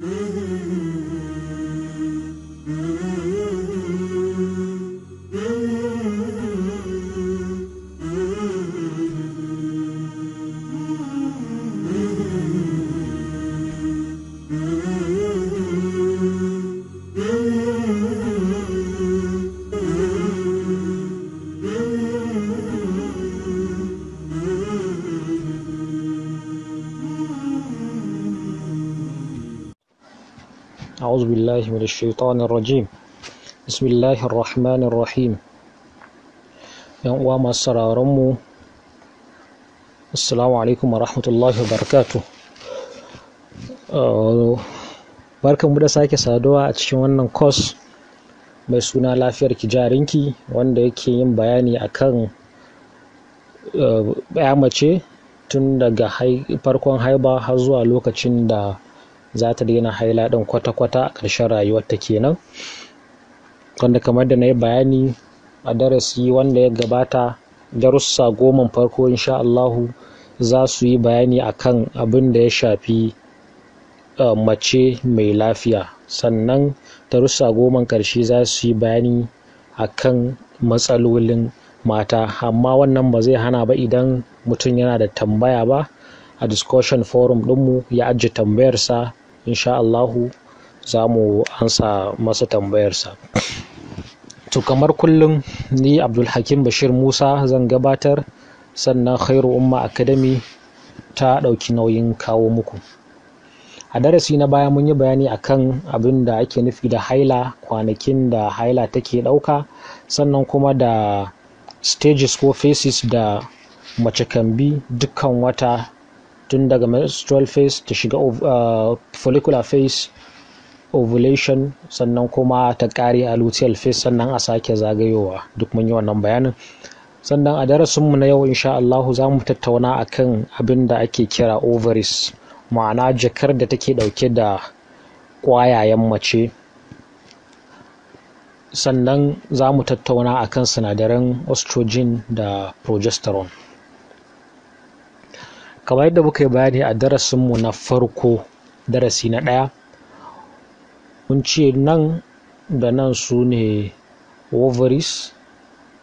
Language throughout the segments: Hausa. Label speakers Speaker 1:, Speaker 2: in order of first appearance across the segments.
Speaker 1: Mm-hmm. بالله من الشيطان الرجيم بسم الله الرحمن الرحيم yan uwa masu sauraron mu assalamu alaikum warahmatullahi barkan mu da sake saduwa a cikin wannan course mai suna lafiyar kijarinki wanda yake yin bayani akan ya mace tun daga farkon haiba har zuwa lokacin da za ta daina haila ɗin kwata-kwata a ƙarshen ta kenan wanda kamar da na yi bayani a darasi wanda ya gabata darussa goman farko insha Allahu za su yi bayani akan abin da ya shafi mace mai lafiya sannan darussa goman ƙarshe za su yi bayani akan matsalolin mata amma wannan ba zai hana ba idan mutum yana da tambaya ba a discussion forum ɗinmu ya ajiye tambayarsa insha Allahu za mu ansa masa tambayarsa to kamar kullum ni abdulhakim bashir musa zan gabatar sannan khairu umma academy ta ɗauki nauyin kawo muku a darasi na baya mun yi bayani akan abin da ake nufi da haila kwanakin da haila take ɗauka sannan kuma da stages ko phases da mace kan bi dukkan wata tun daga menstrual phase ta shiga uh, follicular phase ovulation sannan kuma ta kare a luteal phase sannan a sake zagayowa duk mun yi wannan bayanin sannan a darasinmu na yau insha Allahu za mu tattauna akan abin da ake kira ovaries ma'ana jakar da take dauke da kwayayen mace sannan za mu tattauna akan sinadaran estrogen da progesterone kamar yadda muka yi bayani a mu na farko darasi na ɗaya mun ce nan da nan su ne ovaries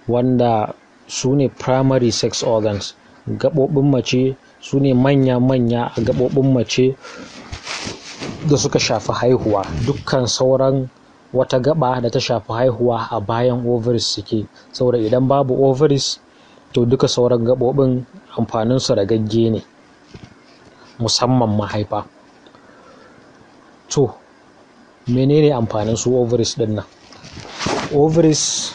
Speaker 1: wanda su ne primary sex organs gaɓoɓin mace su ne manya-manya a gaɓoɓin mace da suka shafi haihuwa dukkan sauran wata gaba da ta shafi haihuwa a bayan ovaries suke saboda idan babu ovaries to duka sauran gaɓoɓin amfaninsu gagge ne musamman mahaifa to menene amfanin su ovaries din nan ovaries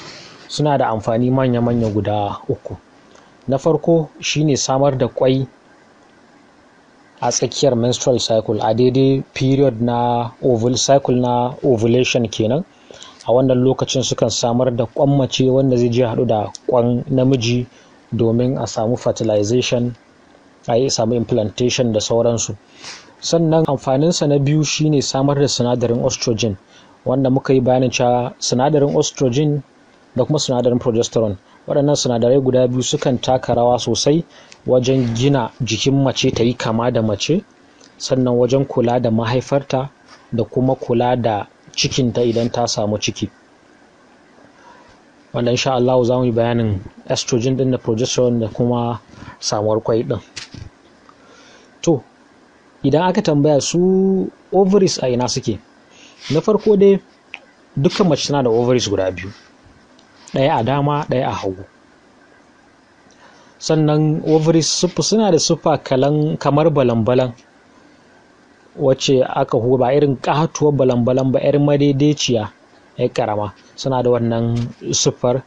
Speaker 1: suna da amfani manya-manya guda uku na farko shine samar da kwai a tsakiyar menstrual cycle a daidai period na ovul cycle na ovulation kenan a wannan lokacin sukan samar da kwan mace wanda zai je hadu da kwan namiji domin a samu fertilization a yi samu implantation da sauransu sannan amfaninsa na biyu shine samar da sinadarin estrogen wanda muka yi bayanin cewa sinadarin estrogen da kuma sinadarin progesterone waɗannan sinadarai guda biyu sukan taka rawa sosai wajen gina jikin mace ta yi kama da mace sannan wajen kula da mahaifarta da kuma kula da cikinta idan ta samu ciki wanda insha Allah za mu yi bayanin estrogen din da progesterone da kuma samuwar kwai din to idan aka tambaya su ovaries a ina suke na farko dai dukkan mace tana da ovaries guda biyu ɗaya a dama ɗaya a hagu sannan ovaries suna da siffa kalan kamar balambalan balan wacce aka huba irin ƙatuwar balambalan ba irin madaidaiciya 'yar eh, karama suna da wannan siffar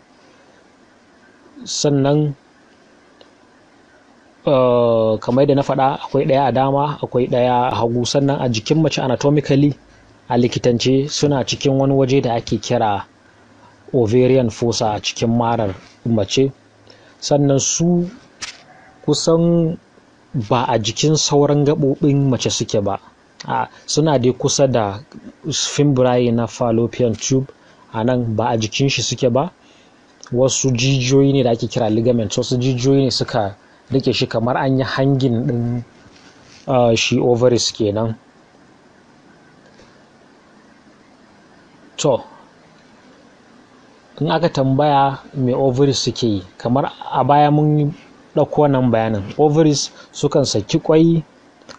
Speaker 1: sannan eh, kamar da na faɗa akwai ɗaya a dama akwai ɗaya a hagu sannan a jikin mace anatomically a likitance suna cikin wani waje da ake kira ovarian fossa a cikin marar mace sannan su kusan ba a jikin sauran gaɓoɓin mace suke ba a suna dai kusa da fimbrai na fallopian tube a nan ba a jikin shi suke ba wasu jijiyoyi ne da ake kira ligaments wasu jijiyoyi ne suka rike shi kamar an yi hangin din shi ovaries kenan to in aka tambaya me ovaries suke yi kamar a baya mun ɗauko nan bayanin ovaries sukan saki kwai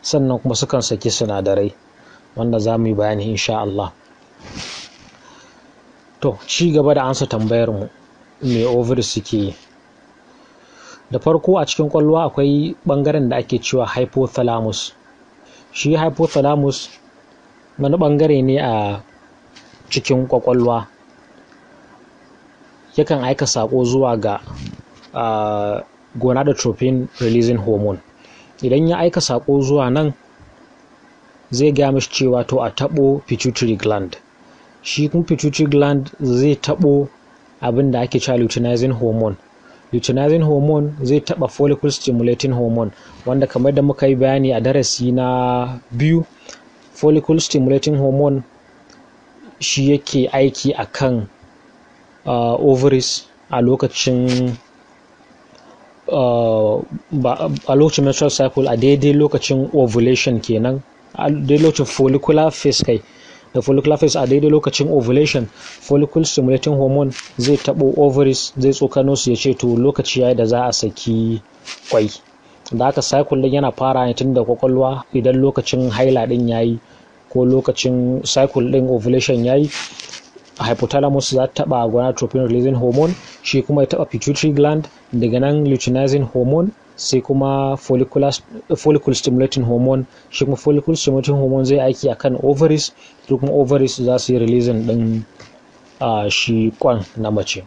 Speaker 1: sannan kuma sukan saki sinadarai wanda za mu yi bayani insha Allah to ci gaba da ansa tambayar mu me ovaries suke yi da farko a cikin kwallo akwai ɓangaren da ake cewa hypothalamus shi hypothalamus wani ɓangare ne a cikin kwakwalwa yakan aika sako zuwa ga ah, gonadotropin releasing hormone idan ya aika saƙo zuwa nan zai gaya mashi cewa to a taɓo pituitary gland shi kun pituitary gland zai taɓo abin da ake cewa luteinizing hormone luteinizing hormone zai taɓa follicle stimulating hormone wanda kamar da muka yi bayani a darasi na biyu follicle stimulating hormone shi yake aiki a kan uh, ovaries a lokacin Uh, a lokacin menstrual cycle a daidai lokacin ovulation kenan a daidai lokacin follicular phase kai da follicular phase a daidai lokacin ovulation follicle stimulating hormone zai tabo ovaries zai tsokano su ya ce to lokaci yayi da za a saki kwai da haka cycle din yana fara ne tun da kwakwalwa idan lokacin haila din yayi ko lokacin cycle din ovulation yayi a hypothalamus za ta taba gonadotropin releasing hormone shi kuma ya taba pituitary gland daga nan luteinizing hormone sai kuma follicle stimulating hormone shi kuma follicle stimulating hormone zai aiki akan ovaries su kuma ovaries za su yi releasing din shi kwan na mace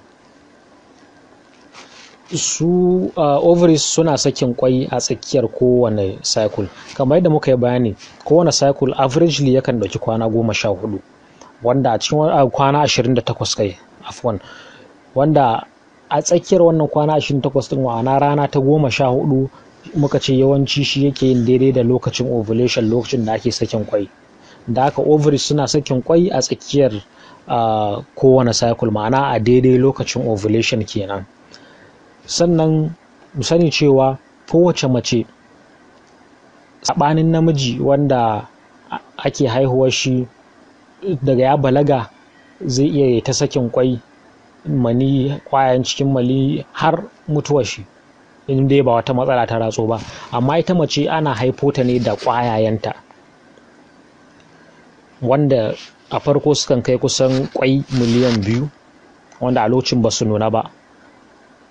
Speaker 1: su ovaries suna sakin kwai a tsakiyar kowane cycle kamar yadda muka yi bayani kowane cycle averagely yakan ɗauki kwana goma sha hudu wanda a cikin kwana 28 kai afwan wanda a tsakiyar wannan kwana 28 din wa'ana rana ta goma sha hudu muka ce yawanci shi yake yin daidai da lokacin ovulation lokacin da ake sakin kwai da haka ovaries suna sakin kwai a tsakiyar kowane cycle ma'ana a daidai lokacin ovulation kenan sannan mu sani cewa kowace mace saɓanin namiji wanda ake haihuwar shi daga ya balaga zai iya ta sakin kwai mani kwayan cikin mali har mutuwa shi in dai ba wata matsala ta ratso ba amma ita mace ana haifo ta ne da kwayayenta wanda a farko sukan kai kusan kwai miliyan biyu wanda a lokacin ba su nuna ba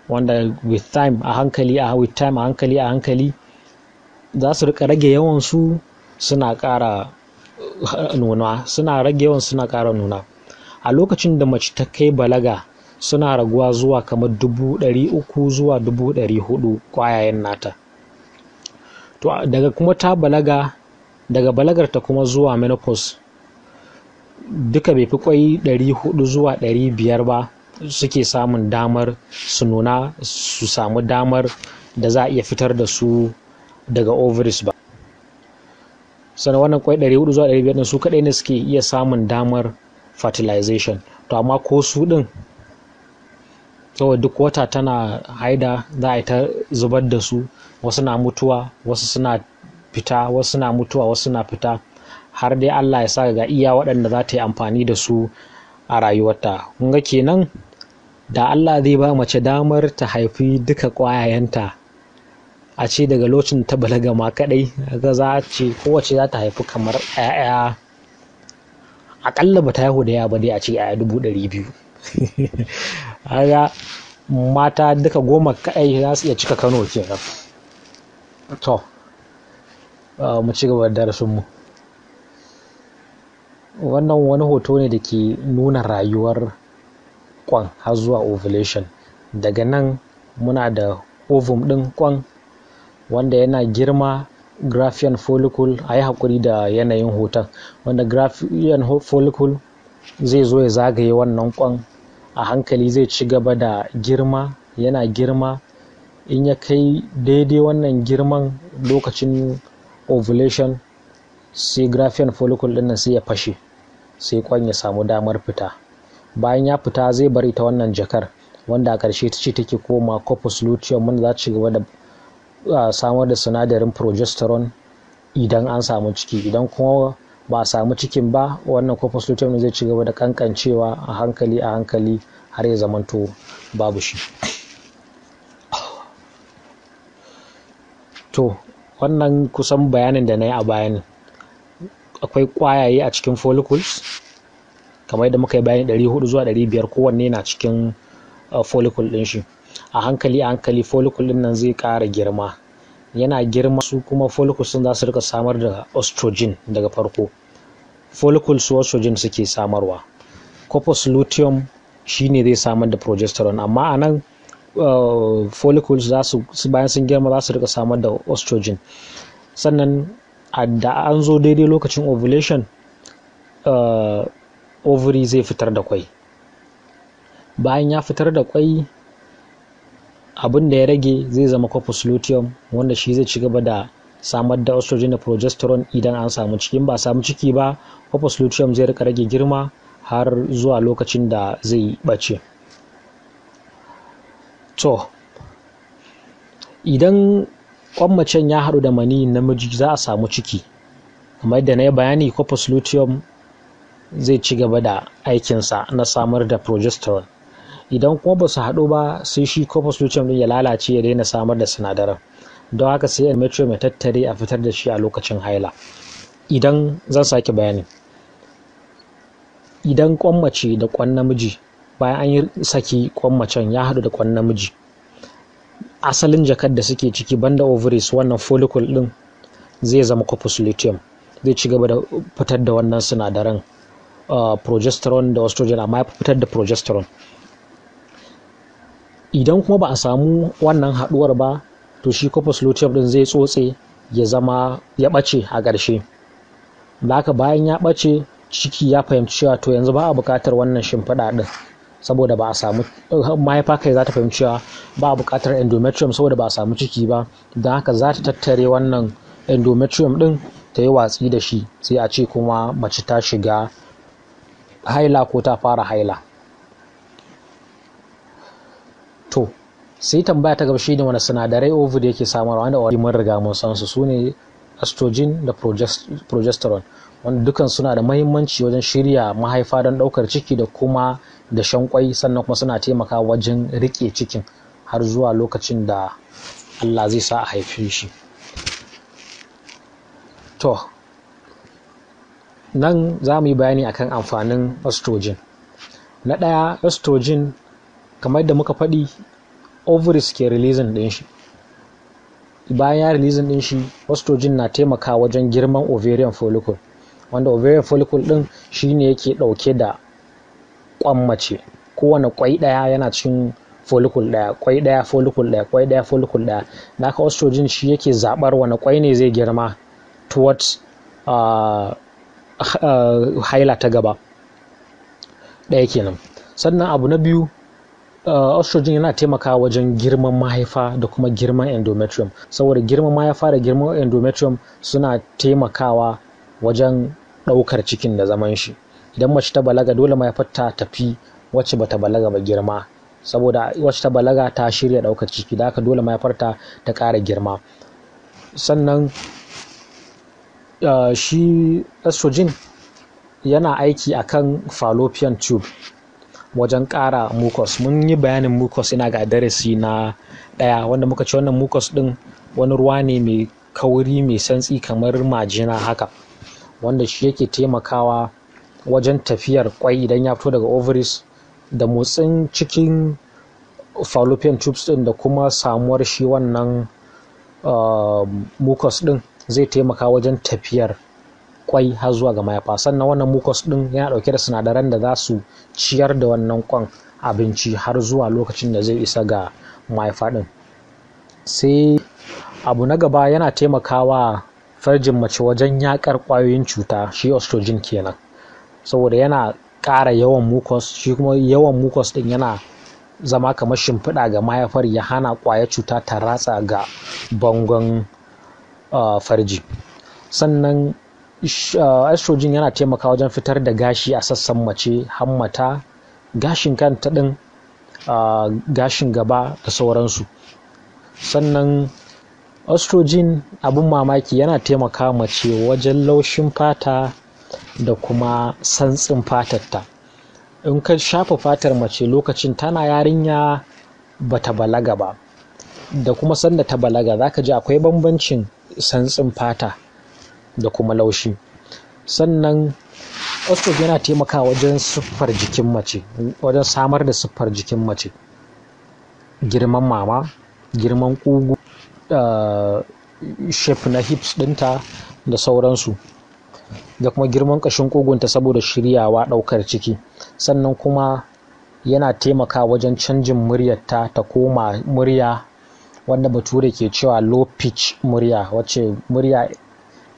Speaker 1: wanda with time a hankali a hankali a hankali za su rika rage yawan su suna ƙara nuna suna rage yawan suna ƙara nuna a lokacin da mace ta kai balaga suna raguwa zuwa kamar dubu ɗari uku zuwa dubu ɗari hudu ƙwayayen nata to daga kuma ta balaga daga balagar ta kuma zuwa menopause duka bai fi kwai ɗari hudu zuwa ɗari biyar ba suke samun damar su nuna su samu damar da za a iya fitar da su daga ovaries ba sannan wannan kwai 400 zuwa 500 su kadai ne suke iya samun damar fertilization to amma ko su din kawai duk wata tana haida za a yi ta zubar da su wasu na mutuwa wasu suna fita wasu suna mutuwa wasu suna fita har dai allah ya sa ga iya waɗanda za ta yi amfani da su a rayuwarta kun ga kenan da allah zai ba mace damar ta haifi duka ƙwayayenta a ce daga lokacin ta balaga ma kadai ga za ce kowace za ta haifi kamar 'ya'ya akalla ba ta haihu da yawa ba dai a ce 'ya'ya dubu ɗari biyu mata duka goma kadai za su iya cika kano kenan to mu ci gaba da mu wannan wani hoto ne da ke nuna rayuwar kwan har zuwa ovulation daga nan muna da ovum din kwan wanda yana girma graphian follicle a yi haƙuri da yanayin hoton wanda graphian follicle zai zo ya zagaye wannan kwan a hankali zai ci gaba da girma yana girma in ya kai daidai wannan girman lokacin ovulation sai graphian follicle ɗin sai ya fashe sai kwan ya samu damar fita bayan ya fita zai bari ta wannan jakar wanda a ƙarshe ta ce take koma corpus luteum wanda za ci gaba da a samar da sinadarin progesterone idan an samu ciki idan kuma ba a samu cikin ba wannan corpus ne zai ci gaba da kankancewa a hankali a hankali har ya zamanto babu shi to wannan kusan bayanin da na yi a bayan akwai kwayaye a cikin follicles kamar da muka yi bayani 400 zuwa 500 kowanne na cikin uh, follicle din shi a hankali a hankali follicle din nan zai ƙara girma yana girma su kuma follicles sun za su rika samar da estrogen daga farko follicles su estrogen suke samarwa corpus luteum shine zai samar da progesterone amma a nan eh, follicles za su bayan sun girma za su rika samar da estrogen sannan da an zo daidai lokacin ovulation eh, ovary zai fitar da kwai bayan ya fitar da kwai abin da ya rage zai zama corpus luteum wanda shi zai ci gaba da samar da estrogen da progesterone idan an samu ciki ba samu ciki ba corpus luteum zai rika rage girma har zuwa lokacin da zai bace to idan kwan macen ya haɗu da mani namiji za a samu ciki kamar da na yi bayani corpus luteum zai ci gaba da aikinsa na samar da progesterone idan kuma ba su haɗu ba sai shi corpus luteum din ya lalace ya daina samar da sinadaran don haka sai endometrium ya tattare a fitar da shi a lokacin haila idan zan sake bayani idan kwan mace da kwan namiji bayan an yi saki kwan macen ya haɗu da kwan namiji asalin jakar da suke ciki banda ovaries wannan follicle din zai zama corpus luteum zai ci gaba da fitar da wannan sinadaran uh, progesterone da estrogen amma ya fitar da progesterone idan kuma ba a samu wannan haɗuwar ba to shi corpus luteum din zai tsotse ya zama ya bace a ƙarshe da haka bayan ya bace ciki ya fahimci cewa to yanzu ba a buƙatar wannan shimfiɗa ɗin saboda ba a samu mahaifa kai za ta fahimci cewa ba a buƙatar endometrium saboda ba a samu ciki ba don haka za ta tattare wannan endometrium ɗin ta yi watsi da shi sai a ce kuma mace ta shiga haila ko ta fara haila to sai tambaya ta gaba shine wani sinadarai da yake samarwa wanda wani mun riga mun san su sune estrogen da progesterone wanda dukan suna da mahimmanci wajen shirya mahaifa don daukar ciki da kuma da shan kwai sannan kuma suna taimaka wajen rike cikin har zuwa lokacin da Allah zai sa a haife shi to nan za mu yi bayani akan amfanin estrogen na ɗaya estrogen kamar yadda muka faɗi ovaries ke releasing ɗin shi bayan ya releasing ɗin shi ostrogen na taimaka wajen girman ovarian follicle wanda ovarian follicle ɗin shine yake ɗauke da kwan mace kowane kwai ɗaya yana cin follicle ɗaya kwai ɗaya follicle ɗaya kwai ɗaya follicle ɗaya da ka oestrogen shi yake zaɓar wani kwai ne zai girma towards uh, haila ta gaba ɗaya kenan sannan abu na biyu uh, estrogen yana taimakawa wajen girman mahaifa da kuma girman endometrium saboda girman mahaifa da girman endometrium suna taimakawa wajen ɗaukar cikin da zaman shi idan mace ta balaga dole mahaifar ta tafi wacce bata balaga ba girma saboda wacce ta balaga ta shirya ɗaukar ciki da haka dole mahaifar ta ta ƙara girma sannan uh, shi estrogen yana aiki akan fallopian tube wajen ƙara mucus mun yi bayanin mucus ina ga darasi na ɗaya wanda muka ce wannan mucus ɗin wani ruwa ne mai kauri mai santsi kamar majina haka wanda shi yake taimakawa wajen tafiyar kwai idan ya fito daga ovaries da motsin cikin fallopian tubes ɗin da kuma samuwar shi wannan uh, mucus ɗin zai taimaka wajen tafiyar kwai har zuwa ga mayafa sannan wannan mucus din yana dauke da sinadaran da za su ciyar da wannan kwan abinci har zuwa lokacin da zai isa ga mahaifa din sai abu na gaba yana taimakawa farjin mace wajen yakar kwayoyin cuta shi ostrogen kenan saboda yana ƙara yawan mucus shi kuma yawan mucus din yana zama kamar shimfiɗa ga mahaifar ya hana ƙwayar cuta ta ratsa ga bangon ah, farji sannan Uh, estrogen yana taimaka wajen fitar da gashi a sassan mace hammata gashin kanta ɗin uh, gashin gaba da sauransu sannan estrogen abin mamaki yana taimaka mace wajen laushin fata da kuma santsin fatarta in ka shafa fatar mace lokacin tana yarinya bata balaga ba da kuma sanda ta balaga zaka ji akwai bambancin santsin fata da kuma laushi sannan ostrich yana taimaka wajen siffar jikin mace wajen samar da siffar jikin mace girman mama girman ƙugu shape na hips ɗinta da sauransu da kuma girman kashin kugunta saboda shiryawa daukar ciki sannan kuma yana taimaka wajen canjin muryarta ta koma murya wanda bature ke cewa low pitch murya wacce murya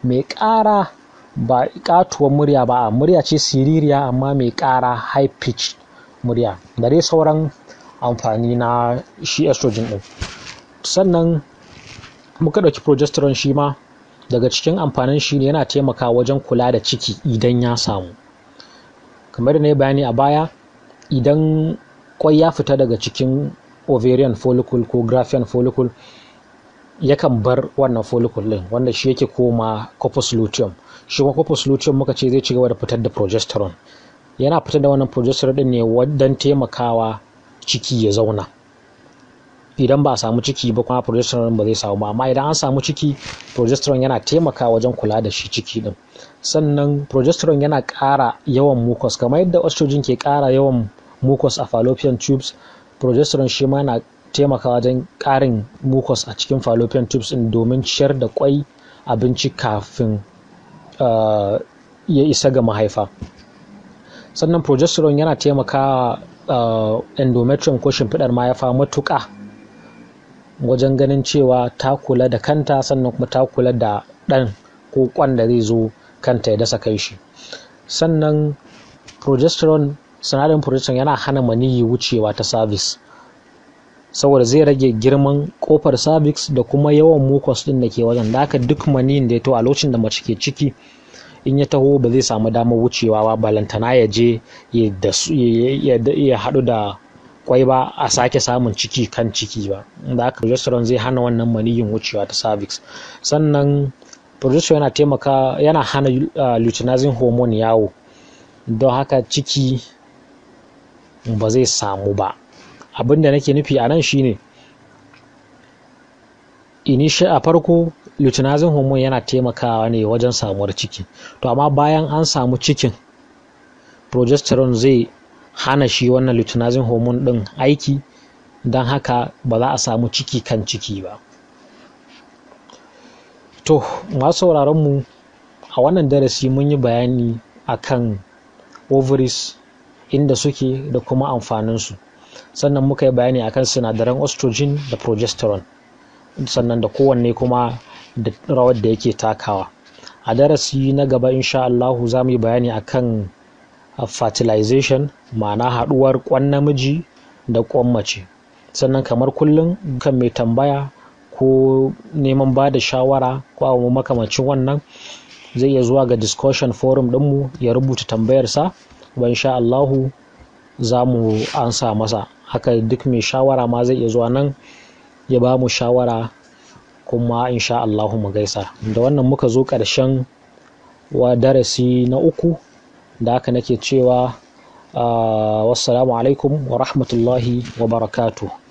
Speaker 1: mai ƙara ba ƙatuwar murya ba murya ce siririya amma mai ƙara high pitch murya da dai sauran amfani na shi estrogen ɗin sannan muka ɗauki progesterone shi ma daga cikin amfanin shi ne yana taimaka wajen kula da ciki idan ya samu kamar da na yi bayani a baya idan kwai ya fita daga cikin ovarian follicle ko graphian follicle yakan bar wannan follicle din wanda shi yake koma corpus luteum shi kuma corpus luteum muka ce zai ci gaba da fitar da progesterone yana fitar da wannan progesterone din ne don taimakawa ciki ya zauna idan ba a samu ciki ba kuma progesterone ba zai samu ba amma idan an samu ciki progesterone yana taimakawa wajen kula da shi ciki din sannan progesterone yana ƙara yawan mucus kamar yadda estrogen ke ƙara yawan mucus a fallopian tubes progesterone shi ma yana taimaka wajen ƙarin mucus a cikin fallopian tubes ɗin domin ciyar da ƙwai abinci kafin uh, ya isa ga mahaifa sannan progesterone yana taimaka uh, endometrium ko shimfiɗar mahaifa matuƙa wajen ganin cewa ta kula da kanta sannan kuma ta kula da ɗan ko kwan da zai zo kanta ya dasa kai shi sannan progesterone sinadarin progesterone yana hana maniyi wucewa ta service saboda zai rage girman kofar cervix da kuma yawan mucus din da ke wajen da haka duk maniyin da ya taho a lokacin da mace ke ciki in ya taho ba zai samu damar wucewa ba balantana ya je ya haɗu da kwai ba a sake samun ciki kan ciki ba da haka progesterone zai hana wannan maniyin wucewa ta cervix sannan progesterone yana taimaka yana hana ah, luteinizing hormone yawo don haka ciki ba zai samu ba abin da nake nufi a nan shine inisha a farko lutinazin homon yana taimakawa ne wajen samuwar ciki to amma bayan an samu cikin progesterone zai hana shi wannan lutinazin homon din aiki don haka ba za a samu ciki kan ciki ba to masu sauraron mu a wannan darasi mun yi bayani akan ovaries inda suke da kuma amfaninsu sannan muka yi bayani akan sinadaran estrogen da progesterone sannan da kowanne kuma da rawar da yake takawa a darasi na gaba insha Allahu za mu yi bayani akan fertilization ma'ana haduwar kwan namiji da kwan mace sannan kamar kullum kan mai tambaya ko neman ba da shawara ko abu makamacin wannan zai iya zuwa ga discussion forum mu ya rubuta tambayarsa ba insha Allahu za mu ansa masa haka duk mai shawara ma zai iya zuwa nan ya ba mu shawara kuma insha Allahu mu gaisa da wannan muka zo ƙarshen wa darasi na uku da haka nake cewa ah, wassalamu alaikum wa rahmatullahi wa barakatuh